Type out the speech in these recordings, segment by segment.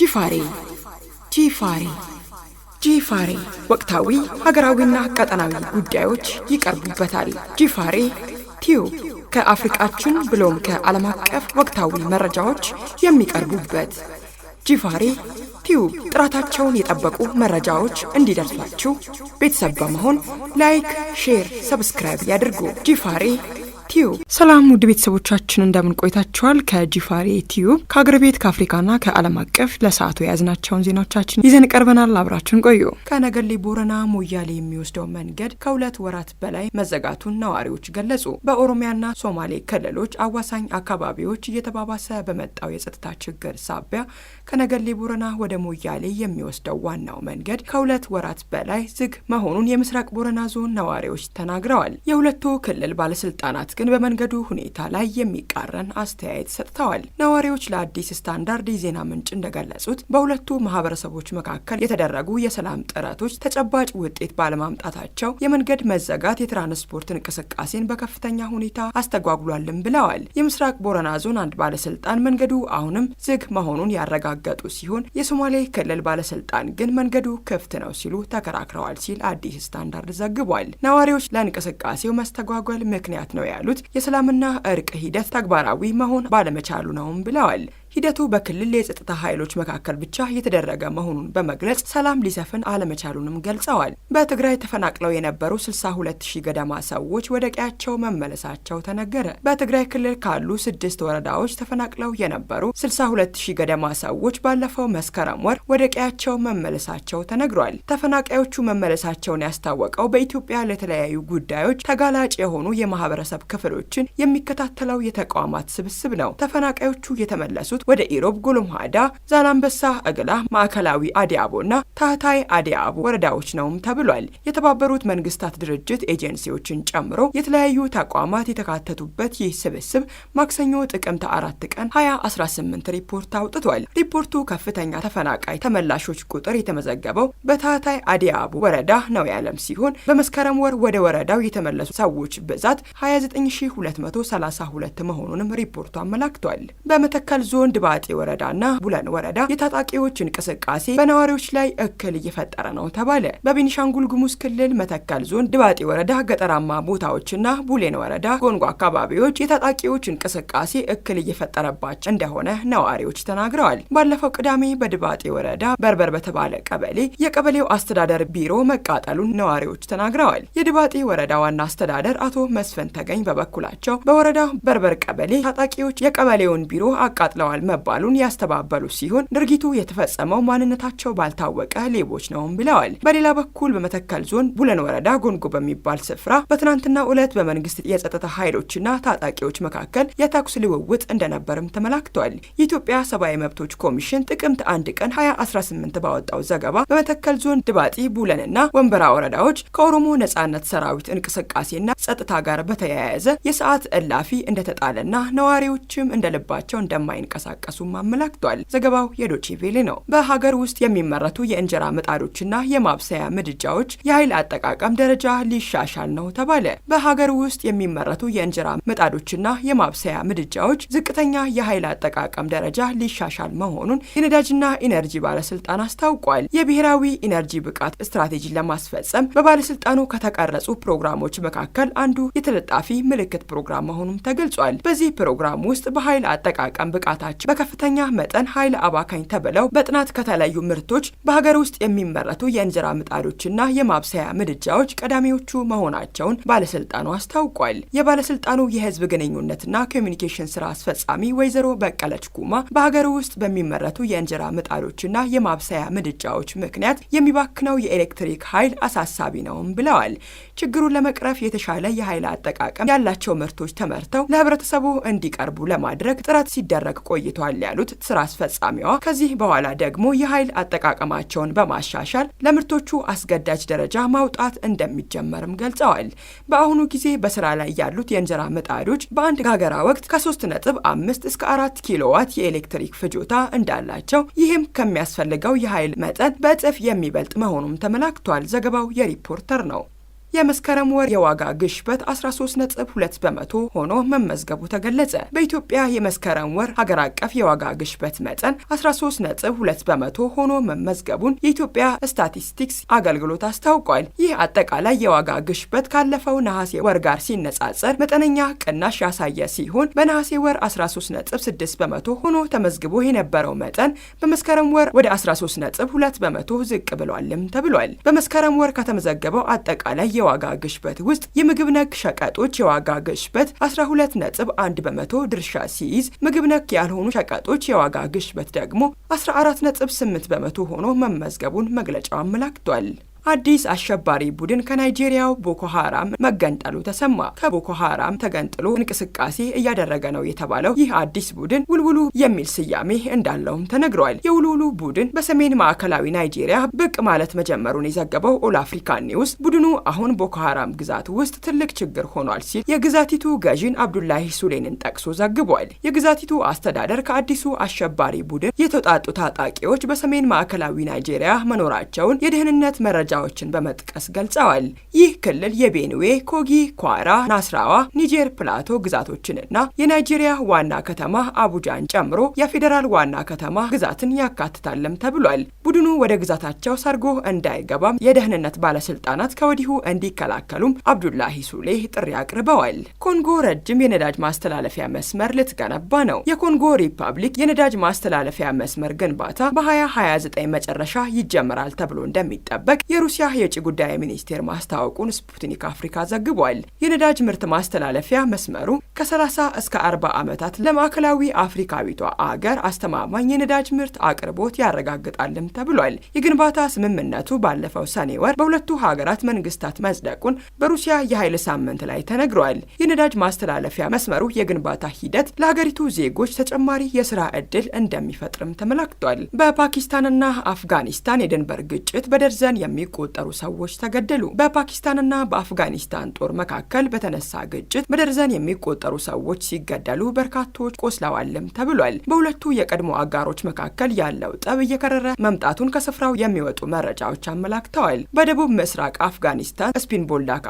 ጂፋሬ ጂፋሬ ጂፋሬ ወቅታዊ ሀገራዊና ቀጠናዊ ጉዳዮች ይቀርቡበታል። ጂፋሬ ቲዩብ ከአፍሪቃችን ብሎም ከዓለም አቀፍ ወቅታዊ መረጃዎች የሚቀርቡበት ጂፋሬ ቲዩብ ጥራታቸውን የጠበቁ መረጃዎች እንዲደርሷችሁ ቤተሰብ በመሆን ላይክ፣ ሼር፣ ሰብስክራይብ ያድርጉ። ጂፋሬ ዩቲዩብ። ሰላም ውድ ቤተሰቦቻችን እንደምን ቆይታችኋል? ከጂፋሬ ዩቲዩብ ከአገር ቤት ከአፍሪካና ከዓለም አቀፍ ለሰዓቱ የያዝናቸውን ዜናዎቻችን ይዘን ቀርበናል። አብራችን ቆዩ። ከነገሌ ቦረና ሞያሌ የሚወስደው መንገድ ከሁለት ወራት በላይ መዘጋቱን ነዋሪዎች ገለጹ። በኦሮሚያና ሶማሌ ክልሎች አዋሳኝ አካባቢዎች እየተባባሰ በመጣው የጸጥታ ችግር ሳቢያ ከነገሌ ቦረና ወደ ሞያሌ የሚወስደው ዋናው መንገድ ከሁለት ወራት በላይ ዝግ መሆኑን የምስራቅ ቦረና ዞን ነዋሪዎች ተናግረዋል። የሁለቱ ክልል ባለስልጣናት ግን ግን በመንገዱ ሁኔታ ላይ የሚቃረን አስተያየት ሰጥተዋል። ነዋሪዎች ለአዲስ ስታንዳርድ የዜና ምንጭ እንደገለጹት በሁለቱ ማህበረሰቦች መካከል የተደረጉ የሰላም ጥረቶች ተጨባጭ ውጤት ባለማምጣታቸው የመንገድ መዘጋት የትራንስፖርት እንቅስቃሴን በከፍተኛ ሁኔታ አስተጓጉሏልም ብለዋል። የምስራቅ ቦረና ዞን አንድ ባለስልጣን መንገዱ አሁንም ዝግ መሆኑን ያረጋገጡ ሲሆን የሶማሌ ክልል ባለስልጣን ግን መንገዱ ክፍት ነው ሲሉ ተከራክረዋል ሲል አዲስ ስታንዳርድ ዘግቧል። ነዋሪዎች ለእንቅስቃሴው መስተጓጓል ምክንያት ነው ያሉ ያሉት የሰላምና እርቅ ሂደት ተግባራዊ መሆን ባለመቻሉ ነውም ብለዋል። ሂደቱ በክልል የጸጥታ ኃይሎች መካከል ብቻ የተደረገ መሆኑን በመግለጽ ሰላም ሊሰፍን አለመቻሉንም ገልጸዋል። በትግራይ ተፈናቅለው የነበሩ 62 ሺህ ገደማ ሰዎች ወደ ቀያቸው መመለሳቸው ተነገረ። በትግራይ ክልል ካሉ ስድስት ወረዳዎች ተፈናቅለው የነበሩ 62 ሺህ ገደማ ሰዎች ባለፈው መስከረም ወር ወደ ቀያቸው መመለሳቸው ተነግሯል። ተፈናቃዮቹ መመለሳቸውን ያስታወቀው በኢትዮጵያ ለተለያዩ ጉዳዮች ተጋላጭ የሆኑ የማህበረሰብ ክፍሎችን የሚከታተለው የተቋማት ስብስብ ነው። ተፈናቃዮቹ የተመለሱት ወደ ኢሮብ፣ ጉሉማዳ፣ ዛላንበሳ፣ እግላ፣ ማዕከላዊ እና ታህታይ አዲያቦ ወረዳዎች ነውም ተብሏል። የተባበሩት መንግስታት ድርጅት ኤጀንሲዎችን ጨምሮ የተለያዩ ተቋማት የተካተቱበት ይህ ስብስብ ማክሰኞ ጥቅምት አራት ቀን 2018 ሪፖርት አውጥቷል። ሪፖርቱ ከፍተኛ ተፈናቃይ ተመላሾች ቁጥር የተመዘገበው በታህታይ አዲያቦ ወረዳ ነው ያለም ሲሆን በመስከረም ወር ወደ ወረዳው የተመለሱ ሰዎች ብዛት 29232 መሆኑንም ሪፖርቱ አመላክቷል። በመተከል ዞን ድባጤ ወረዳና ቡለን ወረዳ የታጣቂዎች እንቅስቃሴ በነዋሪዎች ላይ እክል እየፈጠረ ነው ተባለ። በቤኒሻንጉል ጉሙዝ ክልል መተከል ዞን ድባጤ ወረዳ ገጠራማ ቦታዎችና ቡሌን ወረዳ ጎንጎ አካባቢዎች የታጣቂዎች እንቅስቃሴ እክል እየፈጠረባቸው እንደሆነ ነዋሪዎች ተናግረዋል። ባለፈው ቅዳሜ በድባጤ ወረዳ በርበር በተባለ ቀበሌ የቀበሌው አስተዳደር ቢሮ መቃጠሉን ነዋሪዎች ተናግረዋል። የድባጤ ወረዳ ዋና አስተዳደር አቶ መስፈን ተገኝ በበኩላቸው በወረዳው በርበር ቀበሌ ታጣቂዎች የቀበሌውን ቢሮ አቃጥለዋል መባሉን ያስተባበሉ ሲሆን ድርጊቱ የተፈጸመው ማንነታቸው ባልታወቀ ሌቦች ነውም ብለዋል። በሌላ በኩል በመተከል ዞን ቡለን ወረዳ ጎንጎ በሚባል ስፍራ በትናንትና ዕለት በመንግስት የጸጥታ ኃይሎችና ታጣቂዎች መካከል የተኩስ ልውውጥ እንደነበርም ተመላክቷል። የኢትዮጵያ ሰብአዊ መብቶች ኮሚሽን ጥቅምት አንድ ቀን 2018 ባወጣው ዘገባ በመተከል ዞን ድባጢ፣ ቡለንና ወንበራ ወረዳዎች ከኦሮሞ ነጻነት ሰራዊት እንቅስቃሴና ጸጥታ ጋር በተያያዘ የሰዓት እላፊ እንደተጣለና ነዋሪዎችም እንደልባቸው እንደማይንቀሳቀስ እንደሚንቀሳቀሱም አመላክቷል። ዘገባው የዶቼቬሌ ነው። በሀገር ውስጥ የሚመረቱ የእንጀራ ምጣዶችና የማብሰያ ምድጃዎች የኃይል አጠቃቀም ደረጃ ሊሻሻል ነው ተባለ። በሀገር ውስጥ የሚመረቱ የእንጀራ ምጣዶችና የማብሰያ ምድጃዎች ዝቅተኛ የኃይል አጠቃቀም ደረጃ ሊሻሻል መሆኑን የነዳጅና ኢነርጂ ባለስልጣን አስታውቋል። የብሔራዊ ኢነርጂ ብቃት ስትራቴጂ ለማስፈጸም በባለስልጣኑ ከተቀረጹ ፕሮግራሞች መካከል አንዱ የተለጣፊ ምልክት ፕሮግራም መሆኑም ተገልጿል። በዚህ ፕሮግራም ውስጥ በኃይል አጠቃቀም ብቃታ ያላቸው በከፍተኛ መጠን ኃይል አባካኝ ተብለው በጥናት ከተለዩ ምርቶች በሀገር ውስጥ የሚመረቱ የእንጀራ ምጣዶችና የማብሰያ ምድጃዎች ቀዳሚዎቹ መሆናቸውን ባለስልጣኑ አስታውቋል። የባለስልጣኑ የህዝብ ግንኙነትና ኮሚኒኬሽን ስራ አስፈጻሚ ወይዘሮ በቀለች ኩማ በሀገር ውስጥ በሚመረቱ የእንጀራ ምጣዶችና የማብሰያ ምድጃዎች ምክንያት የሚባክነው የኤሌክትሪክ ኃይል አሳሳቢ ነውም ብለዋል። ችግሩን ለመቅረፍ የተሻለ የኃይል አጠቃቀም ያላቸው ምርቶች ተመርተው ለህብረተሰቡ እንዲቀርቡ ለማድረግ ጥረት ሲደረግ ቆይ ቆይቷል ያሉት ስራ አስፈጻሚዋ ከዚህ በኋላ ደግሞ የኃይል አጠቃቀማቸውን በማሻሻል ለምርቶቹ አስገዳጅ ደረጃ ማውጣት እንደሚጀመርም ገልጸዋል። በአሁኑ ጊዜ በስራ ላይ ያሉት የእንጀራ ምጣዶች በአንድ ጋገራ ወቅት ከ3.5 እስከ 4 ኪሎዋት የኤሌክትሪክ ፍጆታ እንዳላቸው ይህም ከሚያስፈልገው የኃይል መጠን በእጥፍ የሚበልጥ መሆኑም ተመላክቷል። ዘገባው የሪፖርተር ነው። የመስከረም ወር የዋጋ ግሽበት 13.2 በመቶ ሆኖ መመዝገቡ ተገለጸ። በኢትዮጵያ የመስከረም ወር ሀገር አቀፍ የዋጋ ግሽበት መጠን 13.2 በመቶ ሆኖ መመዝገቡን የኢትዮጵያ ስታቲስቲክስ አገልግሎት አስታውቋል። ይህ አጠቃላይ የዋጋ ግሽበት ካለፈው ነሐሴ ወር ጋር ሲነጻጸር መጠነኛ ቅናሽ ያሳየ ሲሆን በነሐሴ ወር 13.6 በመቶ ሆኖ ተመዝግቦ የነበረው መጠን በመስከረም ወር ወደ 13.2 በመቶ ዝቅ ብሏልም ተብሏል። በመስከረም ወር ከተመዘገበው አጠቃላይ የዋጋ ግሽበት ውስጥ የምግብ ነክ ሸቀጦች የዋጋ ግሽበት 12 ነጥብ 1 በመቶ ድርሻ ሲይዝ ምግብ ነክ ያልሆኑ ሸቀጦች የዋጋ ግሽበት ደግሞ 14 ነጥብ 8 በመቶ ሆኖ መመዝገቡን መግለጫው አመላክቷል። አዲስ አሸባሪ ቡድን ከናይጄሪያው ቦኮ መገንጠሉ ተሰማ። ከቦኮ ተገንጥሎ እንቅስቃሴ እያደረገ ነው የተባለው ይህ አዲስ ቡድን ውልውሉ የሚል ስያሜ እንዳለውም ተነግሯል። የውልውሉ ቡድን በሰሜን ማዕከላዊ ናይጄሪያ ብቅ ማለት መጀመሩን የዘገበው ኦል አፍሪካ ኒውስ ቡድኑ አሁን ቦኮ ሀራም ግዛት ውስጥ ትልቅ ችግር ሆኗል ሲል የግዛቲቱ ገዢን አብዱላሂ ሱሌንን ጠቅሶ ዘግቧል። የግዛቲቱ አስተዳደር ከአዲሱ አሸባሪ ቡድን የተውጣጡ ታጣቂዎች በሰሜን ማዕከላዊ ናይጄሪያ መኖራቸውን የደህንነት መረጃዎችን በመጥቀስ ገልጸዋል። ይህ ክልል የቤንዌ፣ ኮጊ፣ ኳራ፣ ናስራዋ፣ ኒጀር ፕላቶ ግዛቶችንና የናይጄሪያ ዋና ከተማ አቡጃ ጂንጂያን ጨምሮ የፌዴራል ዋና ከተማ ግዛትን ያካትታልም ተብሏል። ቡድኑ ወደ ግዛታቸው ሰርጎ እንዳይገባም የደህንነት ባለስልጣናት ከወዲሁ እንዲከላከሉም አብዱላሂ ሱሌህ ጥሪ አቅርበዋል። ኮንጎ ረጅም የነዳጅ ማስተላለፊያ መስመር ልትገነባ ነው። የኮንጎ ሪፐብሊክ የነዳጅ ማስተላለፊያ መስመር ግንባታ በ2029 መጨረሻ ይጀምራል ተብሎ እንደሚጠበቅ የሩሲያ የውጭ ጉዳይ ሚኒስቴር ማስታወቁን ስፑትኒክ አፍሪካ ዘግቧል። የነዳጅ ምርት ማስተላለፊያ መስመሩ ከ30 እስከ 40 ዓመታት ለማዕከላዊ አፍሪ አፍሪካዊቷ አገር አስተማማኝ የነዳጅ ምርት አቅርቦት ያረጋግጣልም ተብሏል። የግንባታ ስምምነቱ ባለፈው ሰኔ ወር በሁለቱ ሀገራት መንግስታት መጽደቁን በሩሲያ የኃይል ሳምንት ላይ ተነግሯል። የነዳጅ ማስተላለፊያ መስመሩ የግንባታ ሂደት ለሀገሪቱ ዜጎች ተጨማሪ የስራ ዕድል እንደሚፈጥርም ተመላክቷል። በፓኪስታንና አፍጋኒስታን የድንበር ግጭት በደርዘን የሚቆጠሩ ሰዎች ተገደሉ። በፓኪስታንና በአፍጋኒስታን ጦር መካከል በተነሳ ግጭት በደርዘን የሚቆጠሩ ሰዎች ሲገደሉ በርካቶች ቆስለዋልም ተብሏል። በሁለቱ የቀድሞ አጋሮች መካከል ያለው ጠብ እየከረረ መምጣቱን ከስፍራው የሚወጡ መረጃዎች አመላክተዋል። በደቡብ ምስራቅ አፍጋኒስታን ስፒንቦልዳክ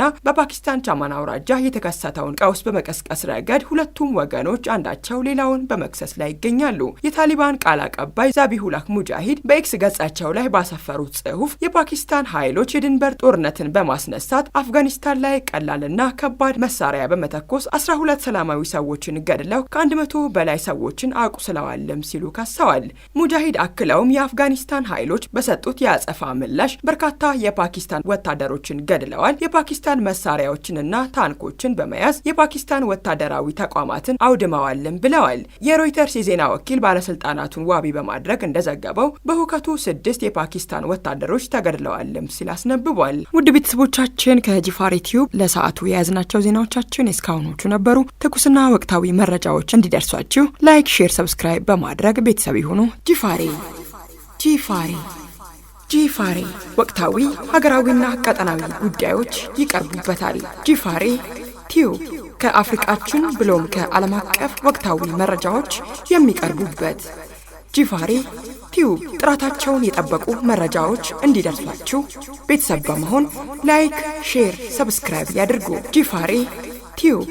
ና በፓኪስታን ቻማን አውራጃ የተከሰተውን ቀውስ በመቀስቀስ ረገድ ሁለቱም ወገኖች አንዳቸው ሌላውን በመክሰስ ላይ ይገኛሉ። የታሊባን ቃል አቀባይ ዛቢሁላህ ሙጃሂድ በኤክስ ገጻቸው ላይ ባሰፈሩት ጽሑፍ የፓኪስታን ኃይሎች የድንበር ጦርነትን በማስነሳት አፍጋኒስታን ላይ ቀላልና ከባድ መሳሪያ በመተኮስ 12 ሰላማዊ ሰዎችን ገድለው ከ100 በላይ ሰዎችን አቁስለዋልም ሲሉ ከሰዋል። ሙጃሂድ አክለውም የአፍጋኒስታን ኃይሎች በሰጡት የአጸፋ ምላሽ በርካታ የፓኪስታን ወታደሮችን ገድለዋል፣ የፓኪስታን መሳሪያዎችንና ታንኮችን በመያዝ የፓኪስታን ወታደራዊ ተቋማትን አውድመዋልም ብለዋል። የሮይተርስ የዜና ወኪል ባለስልጣናቱን ዋቢ በማድረግ እንደዘገበው በሁከቱ ስድስት የፓኪስታን ወታደሮች ተገድለዋልም ሲል አስነብቧል። ውድ ቤተሰቦቻችን ከጂፋሬ ቲዩብ ለሰዓቱ የያዝናቸው ዜናዎቻችን እስካሁኖቹ ነበሩ። ትኩስና ወቅታዊ መረጃዎች እንዲደርሱ እንዲደርሳችሁ ላይክ፣ ሼር፣ ሰብስክራይብ በማድረግ ቤተሰብ ይሁኑ። ጂፋሬ ጂፋሬ ጂፋሬ ወቅታዊ ሀገራዊና ቀጠናዊ ጉዳዮች ይቀርቡበታል። ጂፋሬ ቲዩብ ከአፍሪቃችን ብሎም ከዓለም አቀፍ ወቅታዊ መረጃዎች የሚቀርቡበት ጂፋሬ ቲዩብ ጥራታቸውን የጠበቁ መረጃዎች እንዲደርሷችሁ ቤተሰብ በመሆን ላይክ፣ ሼር፣ ሰብስክራይብ ያድርጉ። ጂፋሬ ቲዩብ